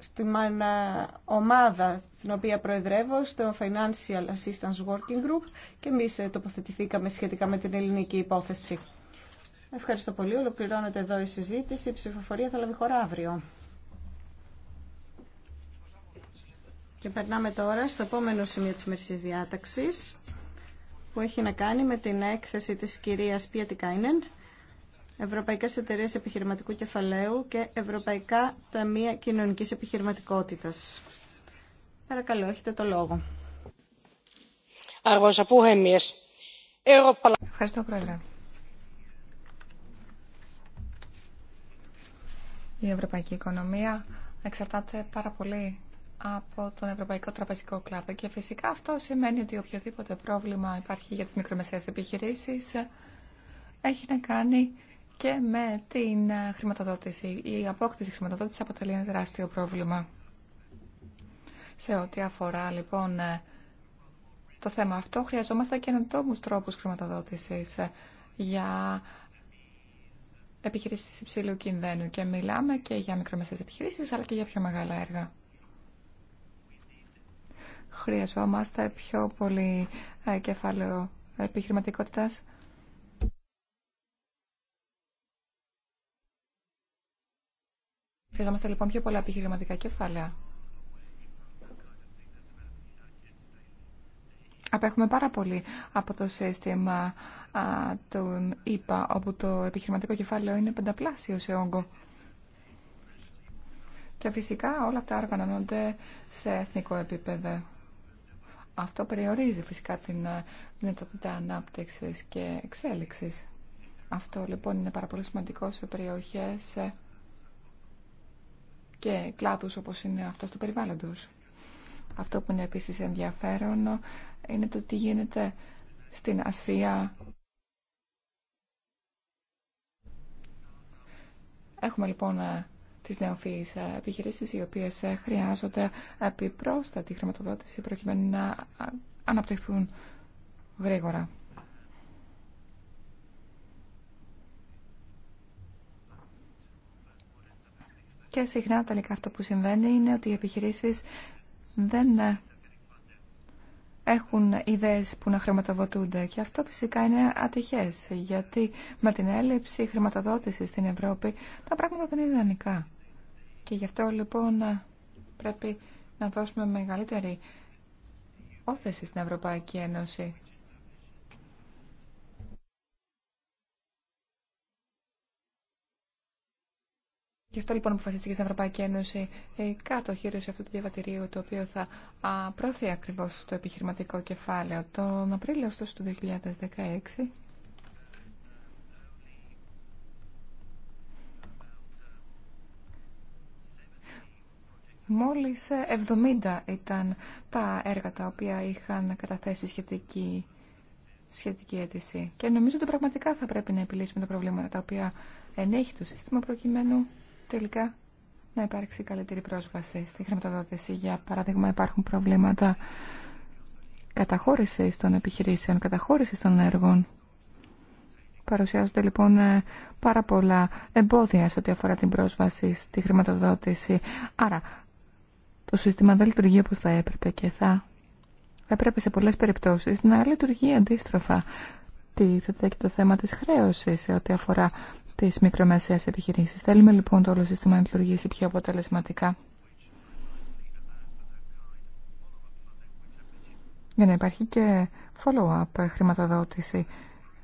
στην ε, ομάδα στην οποία προεδρεύω, στο Financial Assistance Working Group και εμείς ε, τοποθετηθήκαμε σχετικά με την ελληνική υπόθεση. Ευχαριστώ πολύ. Ολοκληρώνεται εδώ η συζήτηση. Η ψηφοφορία θα λάβει χώρα αύριο. Και περνάμε τώρα στο επόμενο σημείο της μερικής διάταξης που έχει να κάνει με την έκθεση της κυρίας Πιετικάινεν. Ευρωπαϊκές Εταιρείες Επιχειρηματικού Κεφαλαίου και Ευρωπαϊκά Ταμεία Κοινωνικής Επιχειρηματικότητας. Παρακαλώ, έχετε το λόγο. Ευχαριστώ, Πρόεδρε. Η ευρωπαϊκή οικονομία εξαρτάται πάρα πολύ από τον Ευρωπαϊκό Τραπεζικό Κλάδο και φυσικά αυτό σημαίνει ότι οποιοδήποτε πρόβλημα υπάρχει για τις μικρομεσαίες επιχειρήσεις έχει να κάνει και με την ε, χρηματοδότηση. Η απόκτηση χρηματοδότηση αποτελεί ένα τεράστιο πρόβλημα. Σε ό,τι αφορά λοιπόν ε, το θέμα αυτό, χρειαζόμαστε καινοτόμου τρόπου χρηματοδότηση ε, για επιχειρήσεις υψηλού κινδύνου και μιλάμε και για μικρομεσαίες επιχειρήσεις, αλλά και για πιο μεγάλα έργα. Χρειαζόμαστε πιο πολύ κεφάλαιο επιχειρηματικότητας Χρειαζόμαστε λοιπόν πιο πολλά επιχειρηματικά κεφάλαια. Απέχουμε πάρα πολύ από το σύστημα α, των ΙΠΑ, όπου το επιχειρηματικό κεφάλαιο είναι πενταπλάσιο σε όγκο. Και φυσικά όλα αυτά οργανώνονται σε εθνικό επίπεδο. Αυτό περιορίζει φυσικά την ε, δυνατότητα ανάπτυξης και εξέλιξης. Αυτό λοιπόν είναι πάρα πολύ σημαντικό σε περιοχές ε, και κλάδους όπως είναι αυτός του περιβάλλοντος. Αυτό που είναι επίσης ενδιαφέρον είναι το τι γίνεται στην Ασία. Έχουμε λοιπόν ε, τις νεοφύης ε, επιχειρήσεις οι οποίες ε, χρειάζονται επιπρόσθετη χρηματοδότηση προκειμένου να αναπτυχθούν γρήγορα. Και συχνά τελικά αυτό που συμβαίνει είναι ότι οι επιχειρήσεις δεν έχουν ιδέες που να χρηματοδοτούνται και αυτό φυσικά είναι ατυχές γιατί με την έλλειψη χρηματοδότησης στην Ευρώπη τα πράγματα δεν είναι ιδανικά. Και γι' αυτό λοιπόν πρέπει να δώσουμε μεγαλύτερη όθεση στην Ευρωπαϊκή Ένωση Γι' αυτό λοιπόν αποφασίστηκε στην Ευρωπαϊκή Ένωση η κατοχήρωση αυτού του διαβατηρίου, το οποίο θα προωθεί ακριβώ το επιχειρηματικό κεφάλαιο. Τον Απρίλιο, ωστόσο, του 2016. Μόλις 70 ήταν τα έργα τα οποία είχαν καταθέσει σχετική, σχετική αίτηση. Και νομίζω ότι πραγματικά θα πρέπει να επιλύσουμε τα προβλήματα τα οποία ενέχει το σύστημα προκειμένου τελικά να υπάρξει καλύτερη πρόσβαση στη χρηματοδότηση. Για παράδειγμα, υπάρχουν προβλήματα καταχώρησης των επιχειρήσεων, καταχώρηση των έργων. Παρουσιάζονται λοιπόν ε, πάρα πολλά εμπόδια σε ό,τι αφορά την πρόσβαση στη χρηματοδότηση. Άρα, το σύστημα δεν λειτουργεί όπως θα έπρεπε και θα, θα σε πολλές περιπτώσεις να λειτουργεί αντίστροφα. Τι και το θέμα της χρέωσης σε ό,τι αφορά τις μικρομεσαίες επιχειρήσεις. Θέλουμε λοιπόν το όλο σύστημα να λειτουργήσει πιο αποτελεσματικά. Για να υπάρχει και follow-up ε, χρηματοδότηση,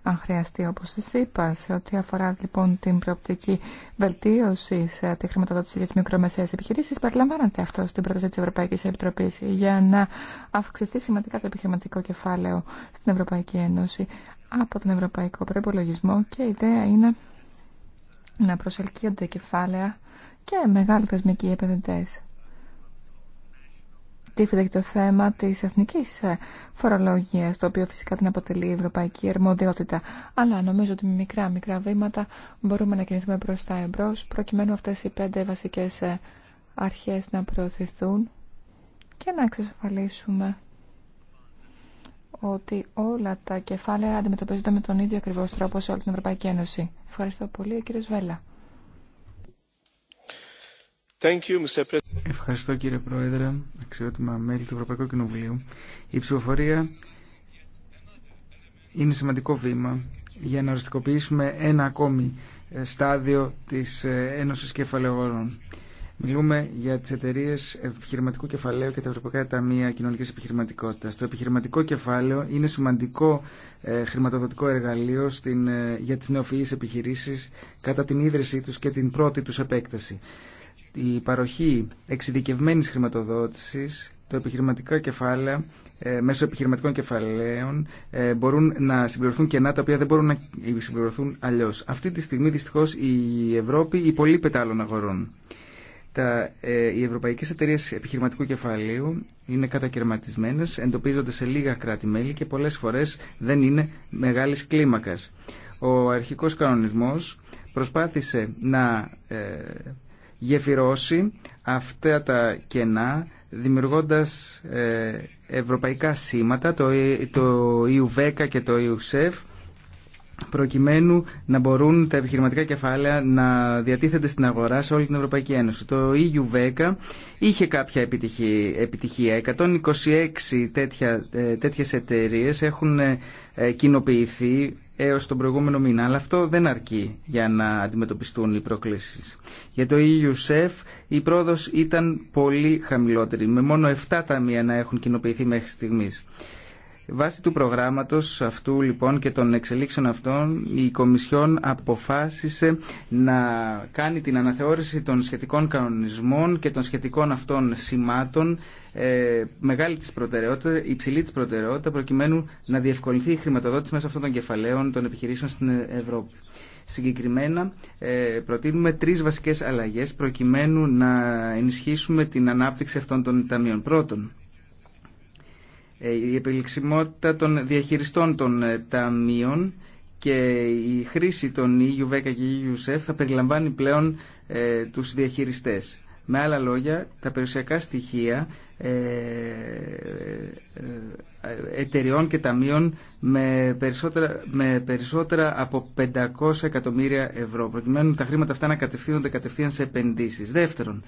αν χρειαστεί, όπως σας είπα, σε ό,τι αφορά λοιπόν την προοπτική βελτίωση σε τη χρηματοδότηση για τις μικρομεσαίες επιχειρήσεις, περιλαμβάνεται αυτό στην πρόταση της Ευρωπαϊκής Επιτροπής για να αυξηθεί σημαντικά το επιχειρηματικό κεφάλαιο στην Ευρωπαϊκή Ένωση από τον Ευρωπαϊκό Προπολογισμό και η ιδέα είναι να προσελκύονται κεφάλαια και μεγάλοι θεσμικοί επενδυτέ. Τίθεται και το θέμα τη εθνική ε, φορολογία, το οποίο φυσικά την αποτελεί η ευρωπαϊκή αρμοδιότητα. Αλλά νομίζω ότι με μικρά μικρά βήματα μπορούμε να κινηθούμε προς τα εμπρός, προκειμένου αυτές οι πέντε βασικές ε, αρχές να προωθηθούν και να εξασφαλίσουμε ότι όλα τα κεφάλαια αντιμετωπίζονται με τον ίδιο ακριβώς τρόπο σε όλη την Ευρωπαϊκή Ένωση. Ευχαριστώ πολύ, κύριε Σβέλλα. Thank you, Ευχαριστώ κύριε Πρόεδρε, αξιότιμα μέλη του Ευρωπαϊκού Κοινοβουλίου. Η ψηφοφορία είναι σημαντικό βήμα για να οριστικοποιήσουμε ένα ακόμη ε, στάδιο της ε, Ένωσης Κεφαλαιογόρων. Μιλούμε για τι εταιρείε επιχειρηματικού κεφαλαίου και τα Ευρωπαϊκά Ταμεία Κοινωνική Επιχειρηματικότητα. Το επιχειρηματικό κεφάλαιο είναι σημαντικό ε, χρηματοδοτικό εργαλείο ε, για τι νεοφυεί επιχειρήσει κατά την ίδρυσή του και την πρώτη του επέκταση. Η παροχή εξειδικευμένη χρηματοδότηση, το επιχειρηματικό κεφάλαιο, ε, μέσω επιχειρηματικών κεφαλαίων μπορούν να συμπληρωθούν κενά τα οποία δεν μπορούν να συμπληρωθούν αλλιώ. Αυτή τη στιγμή δυστυχώ η Ευρώπη υπολείπεται άλλων αγορών τα, ε, οι ευρωπαϊκές εταιρείες επιχειρηματικού κεφαλαίου είναι κατακαιρματισμένες, εντοπίζονται σε λίγα κράτη-μέλη και πολλές φορές δεν είναι μεγάλης κλίμακας. Ο αρχικός κανονισμός προσπάθησε να ε, γεφυρώσει αυτά τα κενά δημιουργώντας ε, ευρωπαϊκά σήματα, το, το eu και το EUSEF, προκειμένου να μπορούν τα επιχειρηματικά κεφάλαια να διατίθενται στην αγορά σε όλη την Ευρωπαϊκή Ένωση. Το EU10 είχε κάποια επιτυχία. 126 ε, τέτοιες εταιρείες έχουν ε, ε, κοινοποιηθεί έως τον προηγούμενο μήνα, αλλά αυτό δεν αρκεί για να αντιμετωπιστούν οι προκλήσεις. Για το EUSEF η πρόοδος ήταν πολύ χαμηλότερη, με μόνο 7 ταμεία να έχουν κοινοποιηθεί μέχρι στιγμής. Βάσει του προγράμματος αυτού λοιπόν και των εξελίξεων αυτών η Κομισιόν αποφάσισε να κάνει την αναθεώρηση των σχετικών κανονισμών και των σχετικών αυτών σημάτων ε, μεγάλη της προτεραιότητα, υψηλή της προτεραιότητα προκειμένου να διευκολυνθεί η χρηματοδότηση μέσα αυτών των κεφαλαίων των επιχειρήσεων στην Ευρώπη. Συγκεκριμένα ε, προτείνουμε τρεις βασικές αλλαγές προκειμένου να ενισχύσουμε την ανάπτυξη αυτών των ταμείων. Πρώτον, ε, η επιλεξιμότητα των διαχειριστών των ε, ταμείων και η χρήση των EU10 και eu θα περιλαμβάνει πλέον ε, τους διαχειριστές. Με άλλα λόγια, τα περιουσιακά στοιχεία ε, ε εταιριών και ταμείων με περισσότερα, με περισσότερα από 500 εκατομμύρια ευρώ, προκειμένου τα χρήματα αυτά να κατευθύνονται κατευθείαν σε επενδύσεις. Δεύτερον,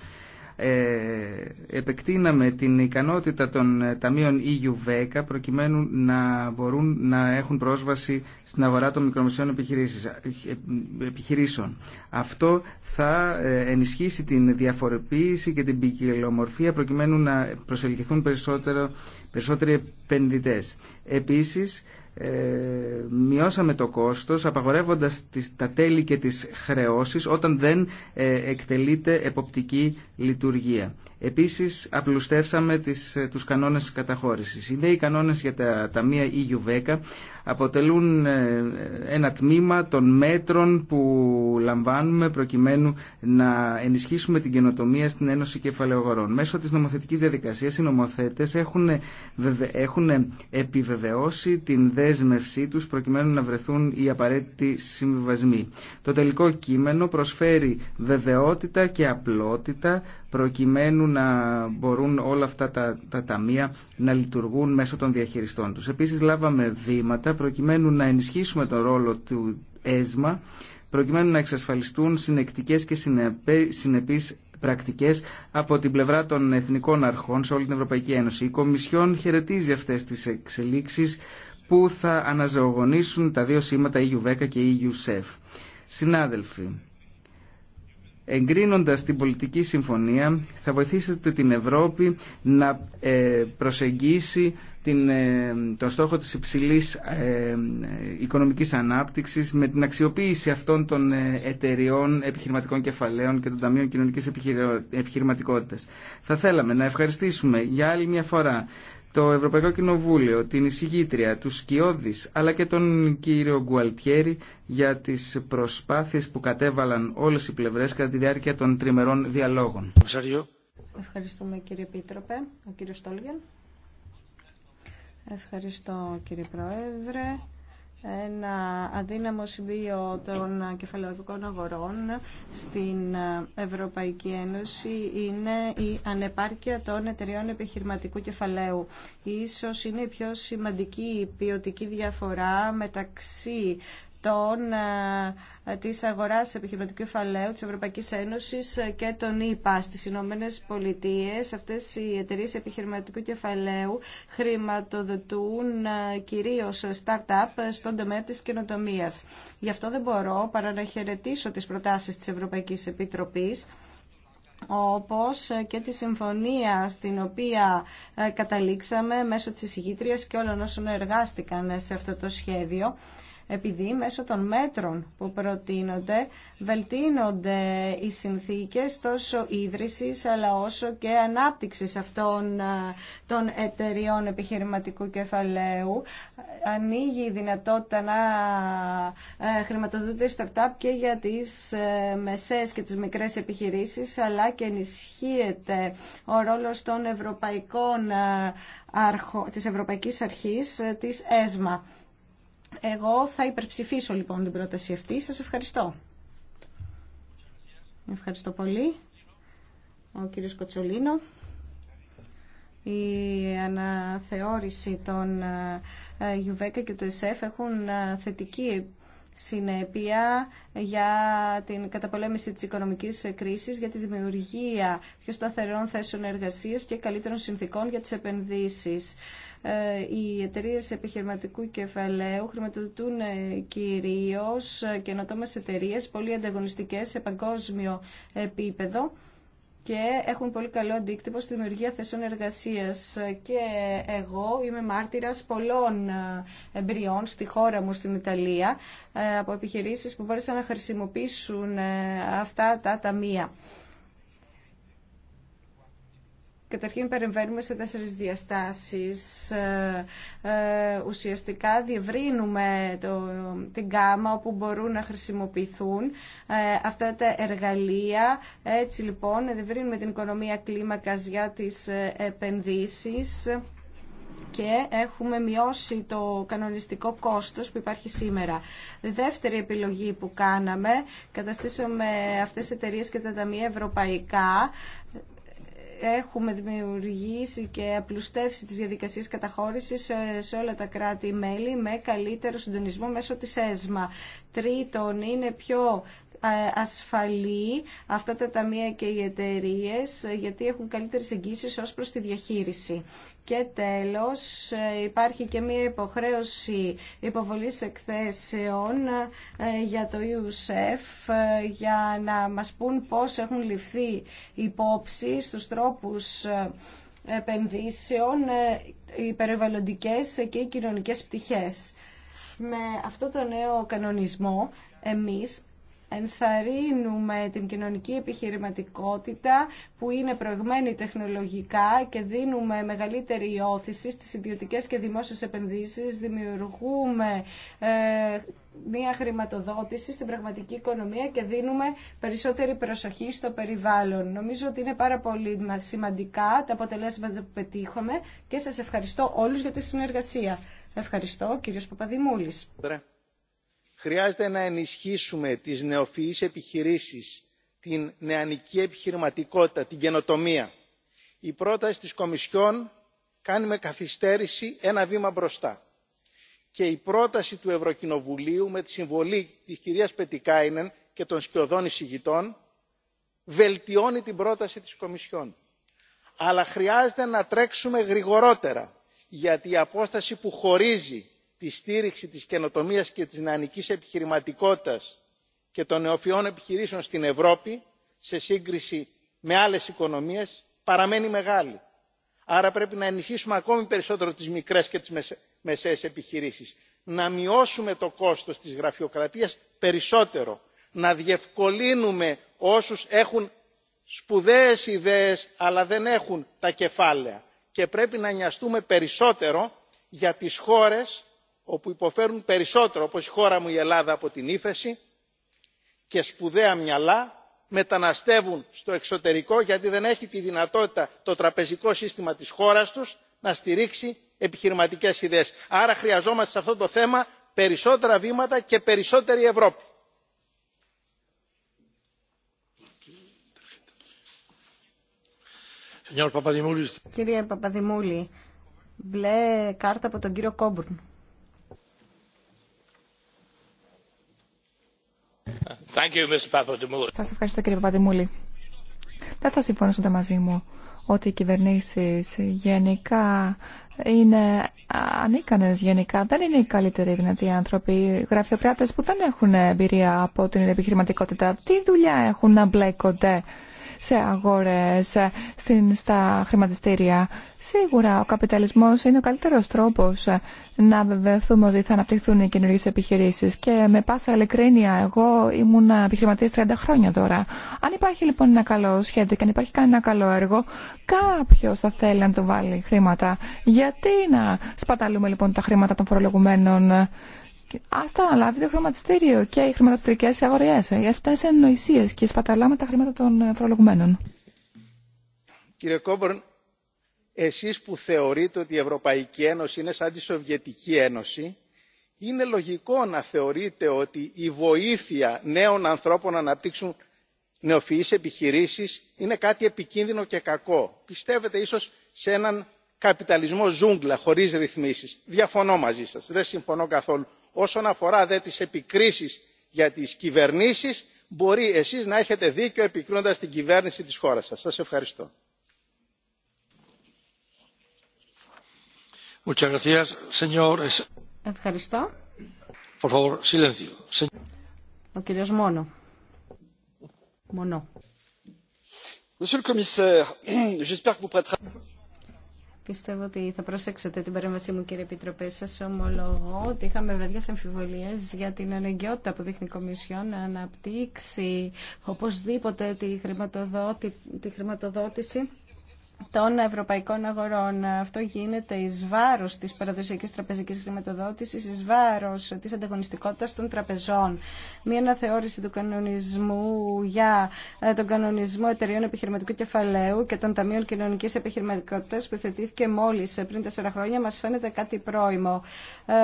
ε, επεκτείναμε την ικανότητα των ε, ταμείων EU10 προκειμένου να μπορούν να έχουν πρόσβαση στην αγορά των μικρομεσαίων ε, επιχειρήσεων. Αυτό θα ενισχύσει την διαφοροποίηση και την ποικιλομορφία προκειμένου να προσελκυθούν περισσότερο, περισσότεροι επενδυτές. Επίσης, μειώσαμε το κόστος απαγορεύοντας τις, τα τέλη και τις χρεώσεις όταν δεν εκτελείται εποπτική λειτουργία. Επίσης, απλουστεύσαμε τις, ε, τους κανόνες καταχώρησης. Οι νέοι κανόνες για τα ταμεία EU10 αποτελούν ε, ένα τμήμα των μέτρων που λαμβάνουμε προκειμένου να ενισχύσουμε την καινοτομία στην Ένωση Κεφαλαιογορών. Μέσω της νομοθετικής διαδικασίας οι νομοθέτες έχουν, έχουν επιβεβαιώσει την δέσμευσή τους προκειμένου να βρεθούν οι απαραίτητοι συμβιβασμοί. Το τελικό κείμενο προσφέρει βεβαιότητα και απλότητα προκειμένου να μπορούν όλα αυτά τα, τα ταμεία να λειτουργούν μέσω των διαχειριστών τους. Επίσης λάβαμε βήματα προκειμένου να ενισχύσουμε τον ρόλο του ΕΣΜΑ προκειμένου να εξασφαλιστούν συνεκτικές και συνεπείς πρακτικές από την πλευρά των εθνικών αρχών σε όλη την Ευρωπαϊκή Ένωση. Η Κομισιόν χαιρετίζει αυτές τις εξελίξεις που θα αναζωογονήσουν τα δύο σήματα EU10 και EU-SEF. Συνάδελφοι, Εγκρίνοντας την πολιτική συμφωνία θα βοηθήσετε την Ευρώπη να ε, προσεγγίσει την, ε, τον στόχο της υψηλής ε, οικονομικής ανάπτυξης με την αξιοποίηση αυτών των εταιριών επιχειρηματικών κεφαλαίων και των Ταμείων Κοινωνικής Επιχειρηματικότητας. Θα θέλαμε να ευχαριστήσουμε για άλλη μια φορά το Ευρωπαϊκό Κοινοβούλιο, την εισηγήτρια, του Σκιώδης, αλλά και τον κύριο Γκουαλτιέρη για τις προσπάθειες που κατέβαλαν όλες οι πλευρές κατά τη διάρκεια των τριμερών διαλόγων. Ευχαριστούμε κύριε Πίτροπε, ο κύριο Στόλγεν. Ευχαριστώ κύριε Πρόεδρε ένα αδύναμο συμπείο των κεφαλαιοδικών αγορών στην Ευρωπαϊκή Ένωση είναι η ανεπάρκεια των εταιριών επιχειρηματικού κεφαλαίου. Ίσως είναι η πιο σημαντική ποιοτική διαφορά μεταξύ Τών ε, της αγοράς επιχειρηματικού κεφαλαίου της Ευρωπαϊκής Ένωσης ε, και των ΗΠΑ στις Ηνωμένε Πολιτείε, Αυτές οι εταιρείες επιχειρηματικού κεφαλαίου χρηματοδοτούν ε, κυρίως start-up στον τομέα της καινοτομίας. Γι' αυτό δεν μπορώ παρά να χαιρετήσω τις προτάσεις της Ευρωπαϊκής Επιτροπής όπως και τη συμφωνία στην οποία καταλήξαμε μέσω της εισηγήτριας και όλων όσων εργάστηκαν σε αυτό το σχέδιο επειδή μέσω των μέτρων που προτείνονται βελτίνονται οι συνθήκες τόσο ίδρυσης αλλά όσο και ανάπτυξης αυτών των εταιριών επιχειρηματικού κεφαλαίου. Ανοίγει η δυνατότητα να χρηματοδοτούνται startup και για τις ε, μεσές και τις μικρές επιχειρήσεις αλλά και ενισχύεται ο ρόλος των ευρωπαϊκών της Ευρωπαϊκής Αρχής ε, της ΕΣΜΑ. Εγώ θα υπερψηφίσω λοιπόν την πρόταση αυτή. Σας ευχαριστώ. Ευχαριστώ πολύ. Ο κύριος Κοτσολίνο. Η αναθεώρηση των Γιουβέκα ε, και του ΕΣΕΦ έχουν ε, θετική συνέπεια για την καταπολέμηση της οικονομικής κρίσης, για τη δημιουργία πιο σταθερών θέσεων εργασίας και καλύτερων συνθήκων για τις επενδύσεις. Ε, οι εταιρείε επιχειρηματικού κεφαλαίου χρηματοδοτούν ε, κυρίως ε, καινοτόμες εταιρείε πολύ ανταγωνιστικές σε παγκόσμιο επίπεδο και έχουν πολύ καλό αντίκτυπο στη δημιουργία θέσεων εργασίας. Και εγώ είμαι μάρτυρας πολλών ε, εμπειριών στη χώρα μου, στην Ιταλία, ε, από επιχειρήσεις που μπόρεσαν να χρησιμοποιήσουν ε, αυτά τα ταμεία. Καταρχήν περιμένουμε σε τέσσερις διαστάσεις. Ε, ε, ουσιαστικά διευρύνουμε το, την κάμα όπου μπορούν να χρησιμοποιηθούν ε, αυτά τα εργαλεία. Έτσι λοιπόν διευρύνουμε την οικονομία κλίμακας για τις επενδύσεις και έχουμε μειώσει το κανονιστικό κόστος που υπάρχει σήμερα. Δεύτερη επιλογή που κάναμε, καταστήσαμε αυτές τις εταιρείε και τα ταμεία ευρωπαϊκά έχουμε δημιουργήσει και απλουστεύσει τις διαδικασίες καταχώρησης σε όλα τα κράτη-μέλη με καλύτερο συντονισμό μέσω της ΕΣΜΑ. Τρίτον, είναι πιο ε, ασφαλή αυτά τα ταμεία και οι εταιρείε ε, γιατί έχουν καλύτερες εγγύσεις ως προς τη διαχείριση. Και τέλος ε, υπάρχει και μία υποχρέωση υποβολής εκθέσεων για το ΙΟΥΣΕΦ για να μας πούν πώς έχουν ληφθεί υπόψη στους τρόπους επενδύσεων, οι περιβαλλοντικές και οι κοινωνικές πτυχές. Με αυτό το νέο κανονισμό εμείς ενθαρρύνουμε την κοινωνική επιχειρηματικότητα που είναι προηγμένη τεχνολογικά και δίνουμε μεγαλύτερη όθηση στις ιδιωτικές και δημόσιες επενδύσεις, δημιουργούμε ε, μια χρηματοδότηση στην πραγματική οικονομία και δίνουμε περισσότερη προσοχή στο περιβάλλον. Νομίζω ότι είναι πάρα πολύ σημαντικά τα αποτελέσματα που πετύχαμε και σας ευχαριστώ όλους για τη συνεργασία. Ευχαριστώ κύριος Παπαδημούλης χρειάζεται να ενισχύσουμε τις νεοφυείς επιχειρήσεις την νεανική επιχειρηματικότητα την καινοτομία. η πρόταση της κομισιόν κάνει με καθυστέρηση ένα βήμα μπροστά και η πρόταση του ευρωκοινοβουλίου με τη συμβολή της κυρίας πετικάινεν και των σκιωδών εισηγητών βελτιώνει την πρόταση της κομισιόν. αλλά χρειάζεται να τρέξουμε γρηγορότερα γιατί η απόσταση που χωρίζει τη στήριξη της καινοτομίας και της νεανικής επιχειρηματικότητας και των νεοφυών επιχειρήσεων στην ευρώπη σε σύγκριση με άλλες οικονομίες παραμένει μεγάλη. άρα πρέπει να ενισχύσουμε ακόμη περισσότερο τις μικρές και τις μεσαίες επιχειρήσεις να μειώσουμε το κόστος της γραφειοκρατίας περισσότερο να διευκολύνουμε όσους έχουν σπουδαίες ιδέες αλλά δεν έχουν τα κεφάλαια και πρέπει να νοιαστούμε περισσότερο για τις χώρες όπου υποφέρουν περισσότερο όπως η χώρα μου η ελλάδα από την ύφεση και σπουδαία μυαλά μεταναστεύουν στο εξωτερικό γιατί δεν έχει τη δυνατότητα το τραπεζικό σύστημα της χώρας τους να στηρίξει επιχειρηματικές ιδέες. άρα χρειαζόμαστε σε αυτό το θέμα περισσότερα βήματα και περισσότερη ευρώπη. Κύριε Παπαδημούλη, μπλε κάρτα από τον κύριο Κόμπρουν. Σα ευχαριστώ κύριε Παπαδημούλη. Δεν θα συμφωνήσετε μαζί μου ότι οι κυβερνήσει γενικά είναι ανίκανε γενικά. Δεν είναι οι καλύτεροι δυνατοί άνθρωποι. Γραφειοκράτε που δεν έχουν εμπειρία από την επιχειρηματικότητα. Τι δουλειά έχουν να μπλέκονται σε αγορές, στα χρηματιστήρια. Σίγουρα ο καπιταλισμός είναι ο καλύτερος τρόπος να βεβαιωθούμε ότι θα αναπτυχθούν οι καινούργιες επιχειρήσεις και με πάσα ειλικρίνεια εγώ ήμουν επιχειρηματής 30 χρόνια τώρα. Αν υπάρχει λοιπόν ένα καλό σχέδιο και αν υπάρχει κανένα καλό έργο, κάποιο θα θέλει να του βάλει χρήματα. Γιατί να σπαταλούμε λοιπόν τα χρήματα των φορολογουμένων Α τα αναλάβει το χρηματιστήριο και οι χρηματοπιστρικέ αγορέ. Ε, Αυτέ είναι νοησίε και σπαταλάμε τα χρήματα των ε, φορολογουμένων. Κύριε Κόμπορν, εσεί που θεωρείτε ότι η Ευρωπαϊκή Ένωση είναι σαν τη Σοβιετική Ένωση, είναι λογικό να θεωρείτε ότι η βοήθεια νέων ανθρώπων να αναπτύξουν νεοφυείς επιχειρήσεις είναι κάτι επικίνδυνο και κακό. Πιστεύετε ίσως σε έναν καπιταλισμό ζούγκλα χωρίς ρυθμίσεις. Διαφωνώ μαζί σας. Δεν συμφωνώ καθόλου όσον αφορά δε τις επικρίσεις για τις κυβερνήσεις μπορεί εσείς να έχετε δίκιο επικρίνοντας την κυβέρνηση της χώρας σας. Σας ευχαριστώ. Ευχαριστώ. Por favor, silencio. Ο κύριος Μόνο. Μόνο. Monsieur le Commissaire, j'espère que vous prêterez... Πιστεύω ότι θα πρόσεξετε την παρέμβασή μου, κύριε Επιτροπέ. Σα ομολογώ ότι είχαμε βαριέ αμφιβολίε για την αναγκαιότητα που δείχνει η Κομισιόν να αναπτύξει οπωσδήποτε τη, τη χρηματοδότηση των ευρωπαϊκών αγορών. Αυτό γίνεται εις βάρος της παραδοσιακής τραπεζικής χρηματοδότησης, εις βάρος της ανταγωνιστικότητας των τραπεζών. Μία αναθεώρηση του κανονισμού για ε, τον κανονισμό εταιρεών επιχειρηματικού κεφαλαίου και των ταμείων κοινωνικής επιχειρηματικότητας που θετήθηκε μόλις πριν τέσσερα χρόνια μας φαίνεται κάτι πρόημο. Ε,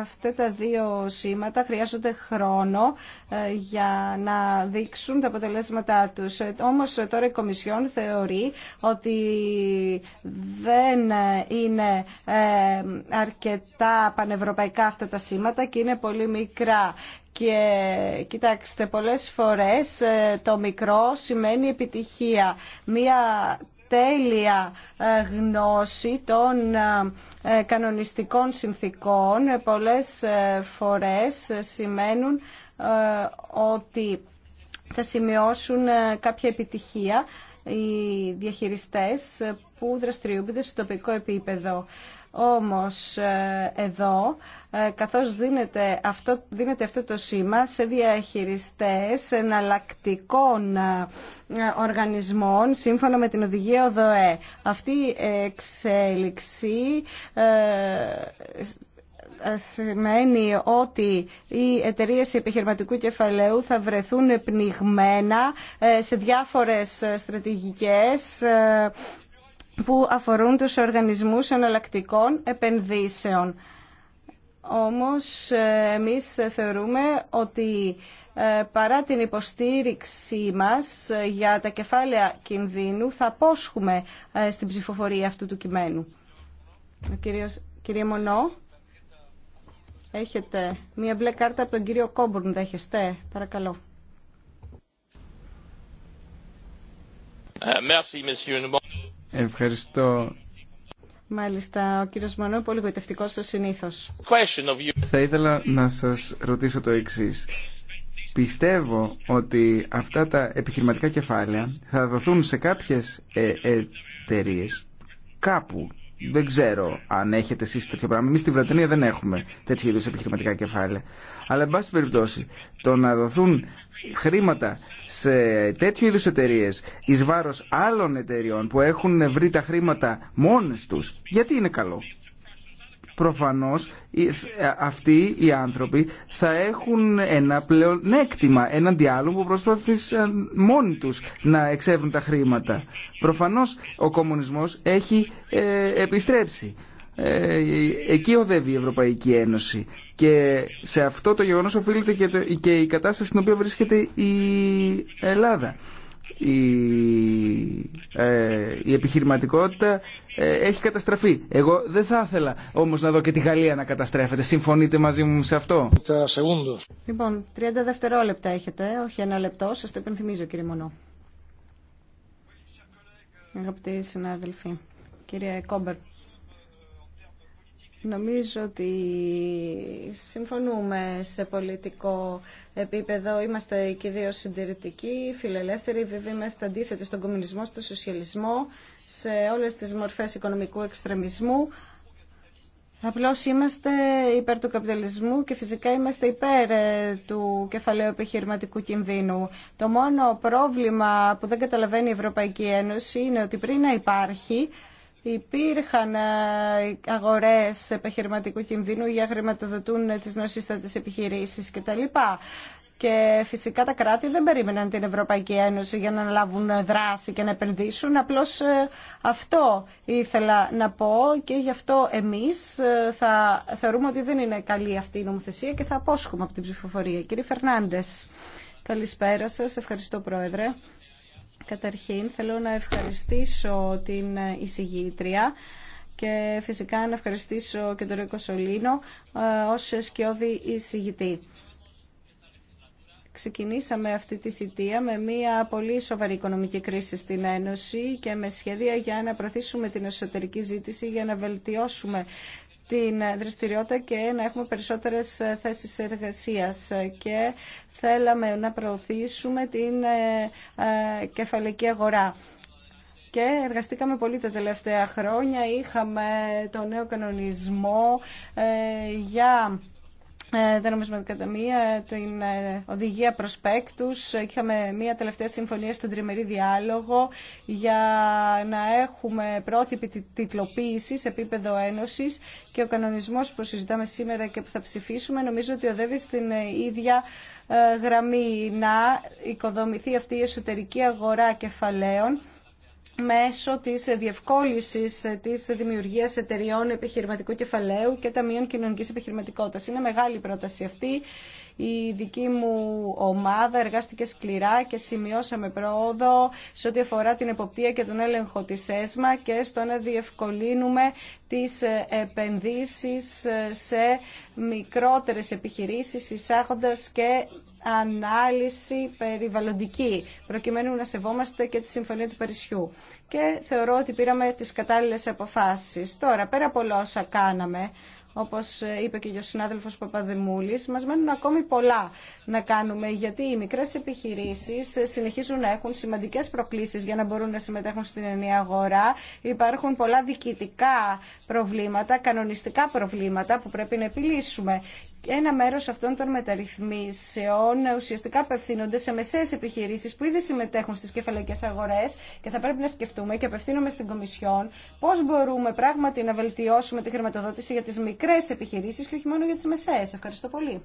αυτά τα δύο σήματα χρειάζονται χρόνο ε, για να δείξουν τα αποτελέσματά τους. όμως τώρα η Κομισιόν θεωρεί ότι δεν είναι ε, αρκετά πανευρωπαϊκά αυτά τα σήματα και είναι πολύ μικρά. Και κοιτάξτε, πολλές φορές ε, το μικρό σημαίνει επιτυχία. Μία τέλεια ε, γνώση των κανονιστικών συνθήκων πολλές φορές σημαίνουν ότι θα σημειώσουν κάποια επιτυχία οι διαχειριστές που δραστηριοποιούνται στο τοπικό επίπεδο. Όμως ε, εδώ, ε, καθώς δίνεται αυτό, δίνεται αυτό το σήμα σε διαχειριστές εναλλακτικών ε, οργανισμών σύμφωνα με την οδηγία ΟΔΟΕ. Αυτή η εξέλιξη σημαίνει ότι οι εταιρείε επιχειρηματικού κεφαλαίου θα βρεθούν πνιγμένα ε, σε διάφορες ε, στρατηγικές ε, που αφορούν τους οργανισμούς εναλλακτικών επενδύσεων. Όμως εμείς θεωρούμε ότι παρά την υποστήριξή μας για τα κεφάλαια κινδύνου θα πόσχουμε στην ψηφοφορία αυτού του κειμένου. Ο κύριε Μονό. Έχετε μία μπλε κάρτα από τον κύριο Κόμπουρν, δέχεστε. Παρακαλώ. Ε, Ευχαριστώ. Μάλιστα, ο κύριος Μανώ πολύ γοητευτικό συνήθως. Θα ήθελα να σας ρωτήσω το εξής. Πιστεύω ότι αυτά τα επιχειρηματικά κεφάλαια θα δοθούν σε κάποιες ε, εταιρείε κάπου δεν ξέρω αν έχετε εσεί τέτοιο πράγμα. Εμεί στη Βρετανία δεν έχουμε τέτοιου είδου επιχειρηματικά κεφάλαια. Αλλά, εν πάση περιπτώσει, το να δοθούν χρήματα σε τέτοιου είδου εταιρείε ει βάρο άλλων εταιρεών που έχουν βρει τα χρήματα μόνε του, γιατί είναι καλό προφανώς αυτοί οι άνθρωποι θα έχουν ένα πλεονέκτημα, έναν διάλογο που προσπάθησαν ε, μόνοι τους να εξεύρουν τα χρήματα. Προφανώς ο κομμουνισμός έχει ε, επιστρέψει. Ε, εκεί οδεύει η Ευρωπαϊκή Ένωση και σε αυτό το γεγονός οφείλεται και, και η κατάσταση στην οποία βρίσκεται η Ελλάδα. Ε, η επιχειρηματικότητα ε, έχει καταστραφεί. Εγώ δεν θα ήθελα όμως να δω και τη Γαλλία να καταστρέφεται. Συμφωνείτε μαζί μου σε αυτό. Λοιπόν, 30 δευτερόλεπτα έχετε, όχι ένα λεπτό. Σας το υπενθυμίζω κύριε Μονό. Αγαπητοί συνάδελφοι, κύριε Κόμπερ, Νομίζω ότι συμφωνούμε σε πολιτικό επίπεδο. Είμαστε και δύο συντηρητικοί, φιλελεύθεροι. Βέβαια, είμαστε αντίθετοι στον κομμουνισμό, στον σοσιαλισμό, σε όλες τις μορφές οικονομικού εξτρεμισμού. Απλώς είμαστε υπέρ του καπιταλισμού και φυσικά είμαστε υπέρ ε, του κεφαλαίου επιχειρηματικού κινδύνου. Το μόνο πρόβλημα που δεν καταλαβαίνει η Ευρωπαϊκή Ένωση είναι ότι πριν να υπάρχει υπήρχαν ε, αγορές επιχειρηματικού κινδύνου για χρηματοδοτούν ε, τις νοσίστατες επιχειρήσεις κτλ. Και φυσικά τα κράτη δεν περίμεναν την Ευρωπαϊκή Ένωση για να λάβουν ε, δράση και να επενδύσουν. Απλώς αυτό ήθελα να πω και γι' αυτό εμείς θα θεωρούμε ότι δεν είναι καλή αυτή η νομοθεσία και θα απόσχουμε από την ψηφοφορία. Κύριε Φερνάντες, καλησπέρα σας. Ευχαριστώ Πρόεδρε. Καταρχήν θέλω να ευχαριστήσω την εισηγήτρια και φυσικά να ευχαριστήσω και τον Ρίκο Σολίνο ε, ως σκιώδη εισηγητή. Ξεκινήσαμε αυτή τη θητεία με μια πολύ σοβαρή οικονομική κρίση στην Ένωση και με σχέδια για να προωθήσουμε την εσωτερική ζήτηση για να βελτιώσουμε την δραστηριότητα και να έχουμε περισσότερες θέσεις εργασίας και θέλαμε να προωθήσουμε την ε, κεφαλική αγορά. Και εργαστήκαμε πολύ τα τελευταία χρόνια. Είχαμε το νέο κανονισμό ε, για ε, τα νομισματικά ταμεία, την ε, οδηγία προσπέκτους. Είχαμε μια τελευταία συμφωνία στον τριμερή διάλογο για να έχουμε πρότυπη τιτλοποίηση σε επίπεδο Ένωση. και ο κανονισμός που συζητάμε σήμερα και που θα ψηφίσουμε νομίζω ότι οδεύει στην ε, ίδια γραμμή να οικοδομηθεί αυτή η εσωτερική αγορά κεφαλαίων μέσω της διευκόλυσης της δημιουργίας εταιριών επιχειρηματικού κεφαλαίου και ταμείων κοινωνικής επιχειρηματικότητας. Είναι μεγάλη η πρόταση αυτή. Η δική μου ομάδα εργάστηκε σκληρά και σημειώσαμε πρόοδο σε ό,τι αφορά την εποπτεία και τον έλεγχο της ΕΣΜΑ και στο να διευκολύνουμε τις επενδύσεις σε μικρότερες επιχειρήσεις εισάγοντας και ανάλυση περιβαλλοντική, προκειμένου να σεβόμαστε και τη Συμφωνία του Παρισιού. Και θεωρώ ότι πήραμε τις κατάλληλες αποφάσεις. Τώρα, πέρα από όλα όσα κάναμε, όπως είπε και ο συνάδελφος Παπαδημούλης, μας μένουν ακόμη πολλά να κάνουμε, γιατί οι μικρές επιχειρήσεις συνεχίζουν να έχουν σημαντικές προκλήσεις για να μπορούν να συμμετέχουν στην ενιαία αγορά. Υπάρχουν πολλά διοικητικά προβλήματα, κανονιστικά προβλήματα που πρέπει να επιλύσουμε ένα μέρος αυτών των μεταρρυθμίσεων ουσιαστικά απευθύνονται σε μεσαίες επιχειρήσεις που ήδη συμμετέχουν στις κεφαλαϊκές αγορές και θα πρέπει να σκεφτούμε και απευθύνομαι στην Κομισιόν πώς μπορούμε πράγματι να βελτιώσουμε τη χρηματοδότηση για τις μικρές επιχειρήσεις και όχι μόνο για τις μεσαίες. Ευχαριστώ πολύ.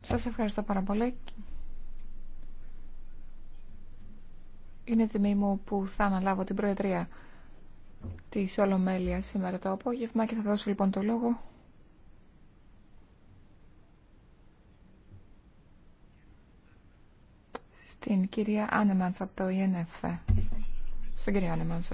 Σας ευχαριστώ πάρα πολύ. Είναι τιμή μου που θα αναλάβω την Προεδρία της Ολομέλειας σήμερα το απόγευμα και θα δώσω λοιπόν το λόγο στην κυρία Άνεμανς από το ΙΕΝΕΦ. Στον κύριο Άνεμανς.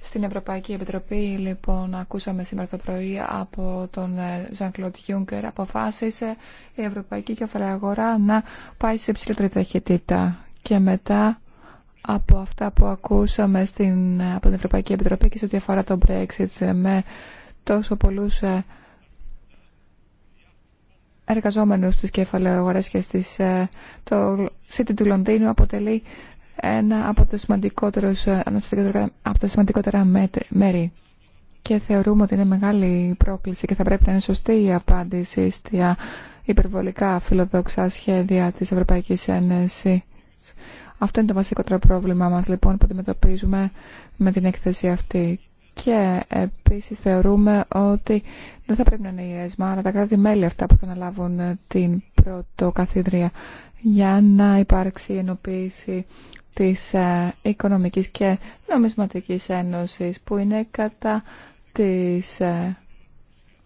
Στην Ευρωπαϊκή Επιτροπή, λοιπόν, ακούσαμε σήμερα το πρωί από τον Ζανκλοντ ε, Γιούγκερ, αποφάσισε η Ευρωπαϊκή Κεφαλαία Αγορά να πάει σε υψηλότερη ταχύτητα. Και μετά από αυτά που ακούσαμε στην, από την Ευρωπαϊκή Επιτροπή και σε ό,τι αφορά το Brexit με τόσο πολλούς ε, εργαζόμενους στις κεφαλαίες και στις, ε, το City του Λονδίνου αποτελεί ένα από τα ε, σημαντικότερα, από τα σημαντικότερα μέρη και θεωρούμε ότι είναι μεγάλη πρόκληση και θα πρέπει να είναι σωστή η απάντηση στα υπερβολικά φιλοδόξα σχέδια της Ευρωπαϊκής Ένωσης αυτό είναι το βασικότερο πρόβλημά μας λοιπόν που αντιμετωπίζουμε με την έκθεση αυτή. Και επίσης θεωρούμε ότι δεν θα πρέπει να είναι η ΕΣΜΑ, αλλά τα κράτη-μέλη αυτά που θα αναλάβουν ε, την πρωτοκαθήδρια για να υπάρξει η ενοποίηση της ε, Οικονομικής και Νομισματικής Ένωσης που είναι κατά της ε,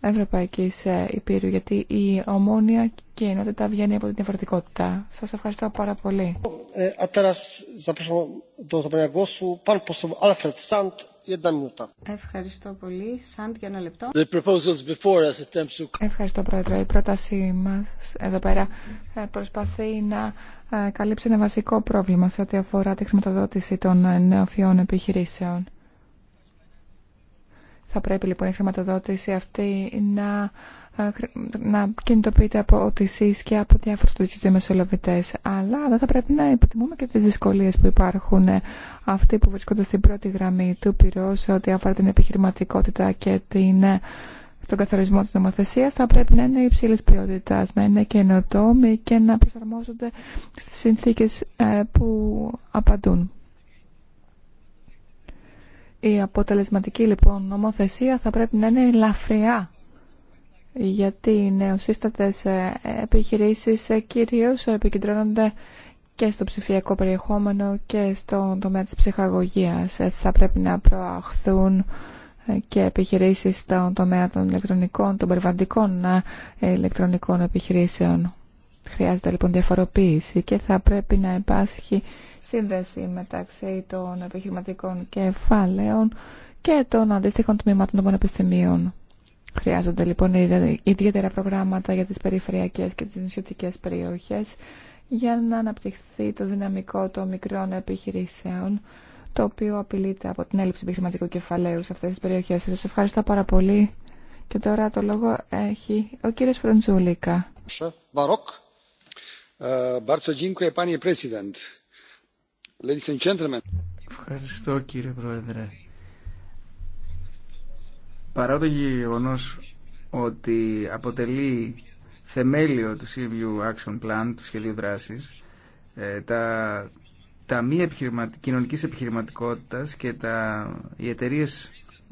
Ευρωπαϊκή ε, Υπήρου, γιατί η ομόνια και η ενότητα βγαίνει από την διαφορετικότητα. Σα ευχαριστώ πάρα πολύ. Ε, ευχαριστώ πολύ. Σαντ, για ένα λεπτό. Ευχαριστώ, Πρόεδρε. Η πρότασή μα εδώ πέρα ε, προσπαθεί να καλύψει ένα βασικό πρόβλημα σε ό,τι αφορά τη χρηματοδότηση των νεοφιών επιχειρήσεων. Θα πρέπει λοιπόν η χρηματοδότηση αυτή να, ε, να κινητοποιείται από οτισείς και από διάφορους τέτοιους δημοσιολογητές. Αλλά θα πρέπει να υποτιμούμε και τις δυσκολίες που υπάρχουν ε, αυτοί που βρίσκονται στην πρώτη γραμμή του πυρός σε ό,τι αφορά την επιχειρηματικότητα και την, ε, τον καθορισμό της νομοθεσίας. Θα πρέπει να είναι υψηλής ποιότητας, να είναι καινοτόμοι και να προσαρμόζονται στις συνθήκες που απαντούν. Η αποτελεσματική λοιπόν νομοθεσία θα πρέπει να είναι ελαφριά γιατί οι νεοσύστατες ε, επιχειρήσεις ε, κυρίως επικεντρώνονται και στο ψηφιακό περιεχόμενο και στον τομέα της ψυχαγωγίας. Ε, θα πρέπει να προαχθούν και επιχειρήσεις στον τομέα των ηλεκτρονικών, των περιβαλλοντικών ηλεκτρονικών επιχειρήσεων. Χρειάζεται λοιπόν διαφοροποίηση και θα πρέπει να υπάρχει σύνδεση μεταξύ των επιχειρηματικών κεφάλαιων και των αντίστοιχων τμήματων των πανεπιστημίων. Χρειάζονται λοιπόν ιδιαίτερα προγράμματα για τις περιφερειακές και τις νησιωτικές περιοχές για να αναπτυχθεί το δυναμικό των μικρών επιχειρήσεων το οποίο απειλείται από την έλλειψη επιχειρηματικού κεφαλαίου σε αυτές τις περιοχές. Σας ευχαριστώ πάρα πολύ. Και τώρα το λόγο έχει ο κύριος Φροντζούλικα. Ευχαριστώ κύριε Πρόεδρε. Παρά το γεγονό ότι αποτελεί θεμέλιο του Civil Action Plan, του σχεδίου δράσης, ε, τα, τα μη επιχειρηματικ... κοινωνικής επιχειρηματικότητας και τα, οι εταιρείε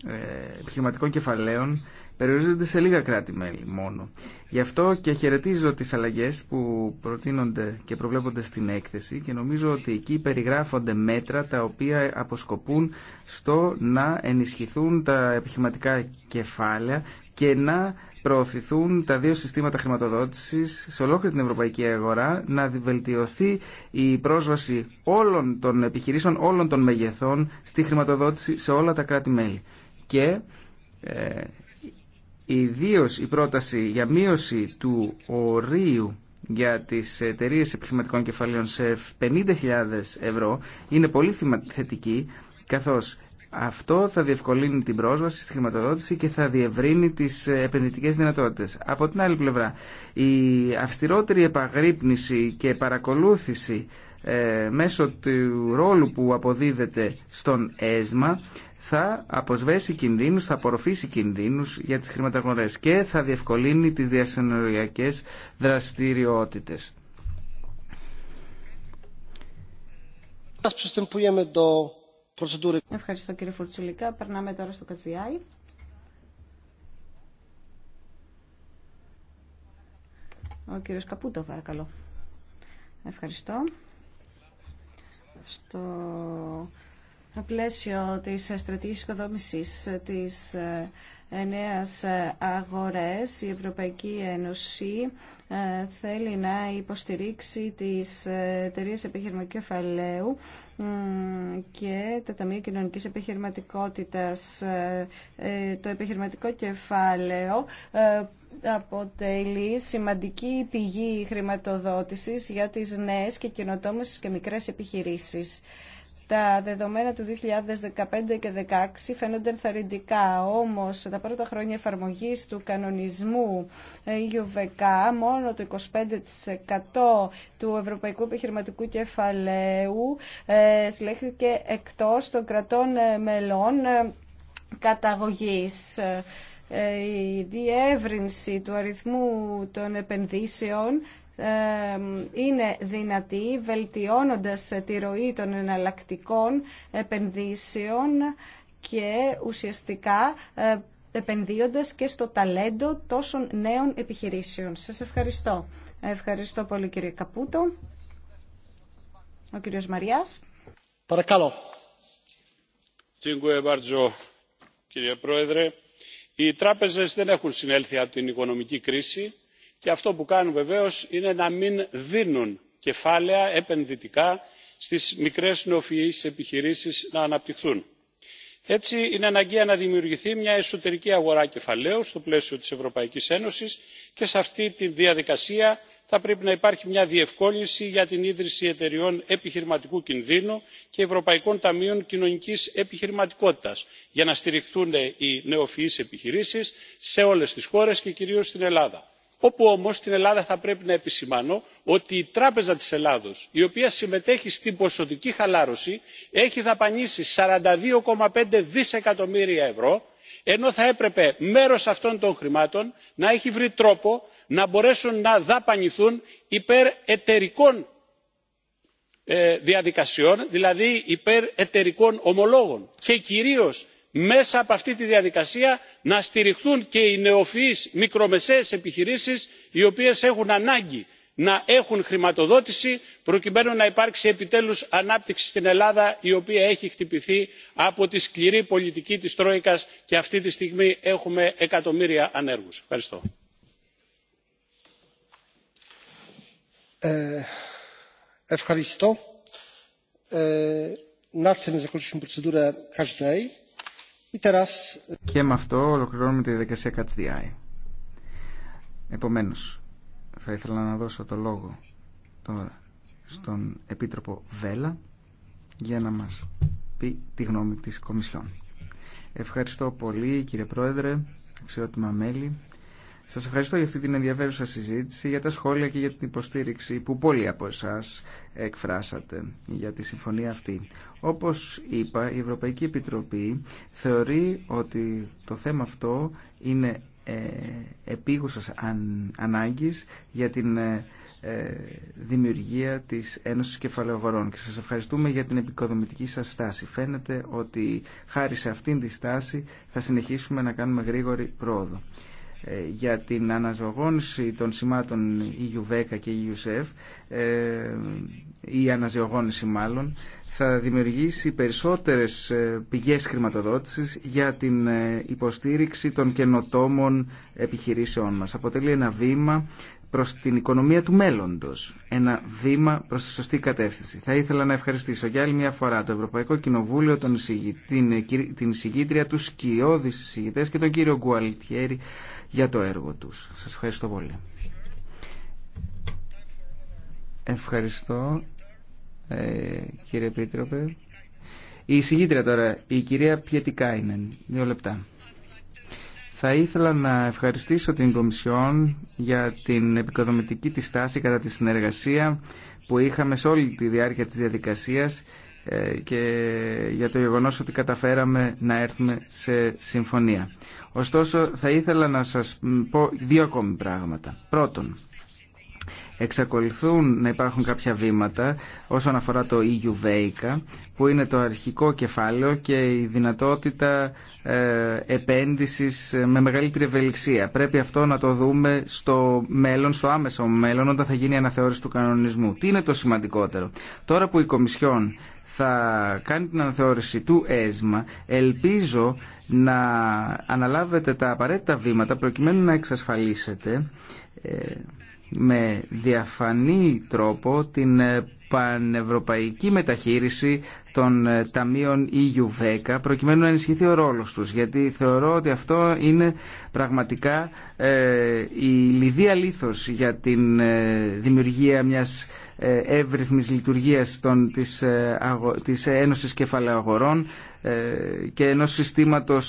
ε, επιχειρηματικών κεφαλαίων περιορίζονται σε λίγα κράτη-μέλη μόνο. Γι' αυτό και χαιρετίζω τις αλλαγές που προτείνονται και προβλέπονται στην έκθεση και νομίζω ότι εκεί περιγράφονται μέτρα τα οποία αποσκοπούν στο να ενισχυθούν τα επιχειρηματικά κεφάλαια και να προωθηθούν τα δύο συστήματα χρηματοδότησης σε ολόκληρη την ευρωπαϊκή αγορά, να βελτιωθεί η πρόσβαση όλων των επιχειρήσεων, όλων των μεγεθών στη χρηματοδότηση σε όλα τα κράτη-μέλη. Ε, Ιδίω η πρόταση για μείωση του ορίου για τις εταιρείε επιχειρηματικών κεφαλαίων σε 50.000 ευρώ είναι πολύ θετική καθώς αυτό θα διευκολύνει την πρόσβαση στη χρηματοδότηση και θα διευρύνει τις επενδυτικές δυνατότητες. Από την άλλη πλευρά, η αυστηρότερη επαγρύπνηση και παρακολούθηση ε, μέσω του ρόλου που αποδίδεται στον ΕΣΜΑ θα αποσβέσει κινδύνους, θα απορροφήσει κινδύνους για τις χρηματαγορές και θα διευκολύνει τις διασυνοριακές δραστηριότητες. Ευχαριστώ κύριε Φουρτσουλικά. Περνάμε τώρα στο Κατζιάι. Ο κύριος Καπούτο, παρακαλώ. Ευχαριστώ στο πλαίσιο της στρατηγικής οικοδόμησης της ε, νέας ε, αγορές, η Ευρωπαϊκή Ένωση ε, θέλει να υποστηρίξει τις εταιρείε επιχειρηματικού κεφαλαίου και τα Ταμεία Κοινωνικής Επιχειρηματικότητας. Το επιχειρηματικό κεφάλαιο αποτελεί σημαντική πηγή χρηματοδότησης για τις νέες και καινοτόμες και μικρές επιχειρήσεις. Τα δεδομένα του 2015 και 2016 φαίνονται ενθαρρυντικά, όμως τα πρώτα χρόνια εφαρμογής του κανονισμού EUVK μόνο το 25% του Ευρωπαϊκού Επιχειρηματικού Κεφαλαίου ε, συλλέχθηκε εκτός των κρατών ε, μελών ε, καταγωγής. Ε, η διεύρυνση του αριθμού των επενδύσεων ε, είναι δυνατή βελτιώνοντας τη ροή των εναλλακτικών επενδύσεων και ουσιαστικά ε, επενδύοντας και στο ταλέντο τόσων νέων επιχειρήσεων. Σας ευχαριστώ. Ευχαριστώ πολύ κύριε Καπούτο. Ο κύριος Μαριάς. Παρακαλώ. Κύριε Πρόεδρε, οι τράπεζες δεν έχουν συνέλθει από την οικονομική κρίση και αυτό που κάνουν βεβαίως είναι να μην δίνουν κεφάλαια επενδυτικά στις μικρές νεοφυείς επιχειρήσεις να αναπτυχθούν. έτσι είναι αναγκαία να δημιουργηθεί μια εσωτερική αγορά κεφαλαίου στο πλαίσιο της ευρωπαϊκής ένωσης και σε αυτή τη διαδικασία θα πρέπει να υπάρχει μια διευκόλυνση για την ίδρυση εταιριών επιχειρηματικού κινδύνου και ευρωπαϊκών ταμείων κοινωνικής επιχειρηματικότητας για να στηριχθούν οι νεοφυεί επιχειρήσει σε όλες τις χώρες και κυρίως στην ελλάδα όπου όμω, στην ελλάδα θα πρέπει να επισημάνω ότι η τράπεζα τη Ελλάδο, η οποία συμμετέχει στην ποσοτική χαλάρωση έχει δαπανίσει 42,5 δισεκατομμύρια ευρώ ενώ θα έπρεπε μέρος αυτών των χρημάτων να έχει βρει τρόπο να μπορέσουν να δαπανηθούν υπέρ εταιρικών ε, διαδικασιών δηλαδή υπέρ εταιρικών ομολόγων και κυρίως μέσα από αυτή τη διαδικασία να στηριχθούν και οι νεοφυείς μικρομεσαίες επιχειρήσεις οι οποίες έχουν ανάγκη να έχουν χρηματοδότηση προκειμένου να υπάρξει επιτέλους ανάπτυξη στην ελλάδα η οποία έχει χτυπηθεί από τη σκληρή πολιτική της τρόικας και αυτή τη στιγμή έχουμε εκατομμύρια ανέργους. ευχαριστώ. Ε, ευχαριστώ. Ε, και με αυτό ολοκληρώνουμε τη διαδικασία Catch Επομένως, θα ήθελα να δώσω το λόγο τώρα στον Επίτροπο Βέλα για να μας πει τη γνώμη της Κομισιόν. Ευχαριστώ πολύ κύριε Πρόεδρε, αξιότιμα μέλη. Σας ευχαριστώ για αυτή την ενδιαφέρουσα συζήτηση, για τα σχόλια και για την υποστήριξη που πολλοί από εσάς εκφράσατε για τη συμφωνία αυτή. Όπως είπα, η Ευρωπαϊκή Επιτροπή θεωρεί ότι το θέμα αυτό είναι ε, επίγουσας ανάγκης για την ε, ε, δημιουργία της Ένωσης Κεφαλαιογορών και σας ευχαριστούμε για την επικοδομητική σας στάση. Φαίνεται ότι χάρη σε αυτήν τη στάση θα συνεχίσουμε να κάνουμε γρήγορη πρόοδο. Ε, για την αναζωογόνηση των σημάτων EU10 και EUSEF, ε, η αναζωογόνηση μάλλον, θα δημιουργήσει περισσότερες ε, πηγές χρηματοδότησης για την υποστήριξη των καινοτόμων επιχειρήσεών μας. Αποτελεί ένα βήμα προς την οικονομία του μέλλοντος. Ένα βήμα προς τη σωστή κατεύθυνση. Θα ήθελα να ευχαριστήσω για άλλη μια φορά το Ευρωπαϊκό Κοινοβούλιο, τον την, την εισηγήτρια, τους σκιώδεις εισηγητές και τον κύριο Γκουαλτιέρη για το έργο τους. Σας ευχαριστώ πολύ. Ευχαριστώ ε, κύριε Επίτροπε. Η εισηγήτρια τώρα, η κυρία Πιετικάινεν, δύο λεπτά. Θα ήθελα να ευχαριστήσω την Κομισιόν για την επικοδομητική της στάση κατά τη συνεργασία που είχαμε σε όλη τη διάρκεια της διαδικασίας ε, και για το γεγονός ότι καταφέραμε να έρθουμε σε συμφωνία. Ωστόσο, θα ήθελα να σας πω δύο ακόμη πράγματα. Πρώτον, Εξακολουθούν να υπάρχουν κάποια βήματα όσον αφορά το EU που είναι το αρχικό κεφάλαιο και η δυνατότητα ε, επένδυσης ε, με μεγαλύτερη ευελιξία. Πρέπει αυτό να το δούμε στο μέλλον, στο άμεσο μέλλον όταν θα γίνει η αναθεώρηση του κανονισμού. Τι είναι το σημαντικότερο. Τώρα που η Κομισιόν θα κάνει την αναθεώρηση του ΕΣΜΑ, ελπίζω να αναλάβετε τα απαραίτητα βήματα προκειμένου να εξασφαλίσετε ε, με διαφανή τρόπο την ε, πανευρωπαϊκή μεταχείριση των ε, ταμείων EU10 προκειμένου να ενισχυθεί ο ρόλος τους γιατί θεωρώ ότι αυτό είναι πραγματικά ε, η λιδία λήθος για την δημιουργία μιας εύρυθμης λειτουργίας των, της, της Ένωσης Κεφαλαίου Αγορών και ενός συστήματος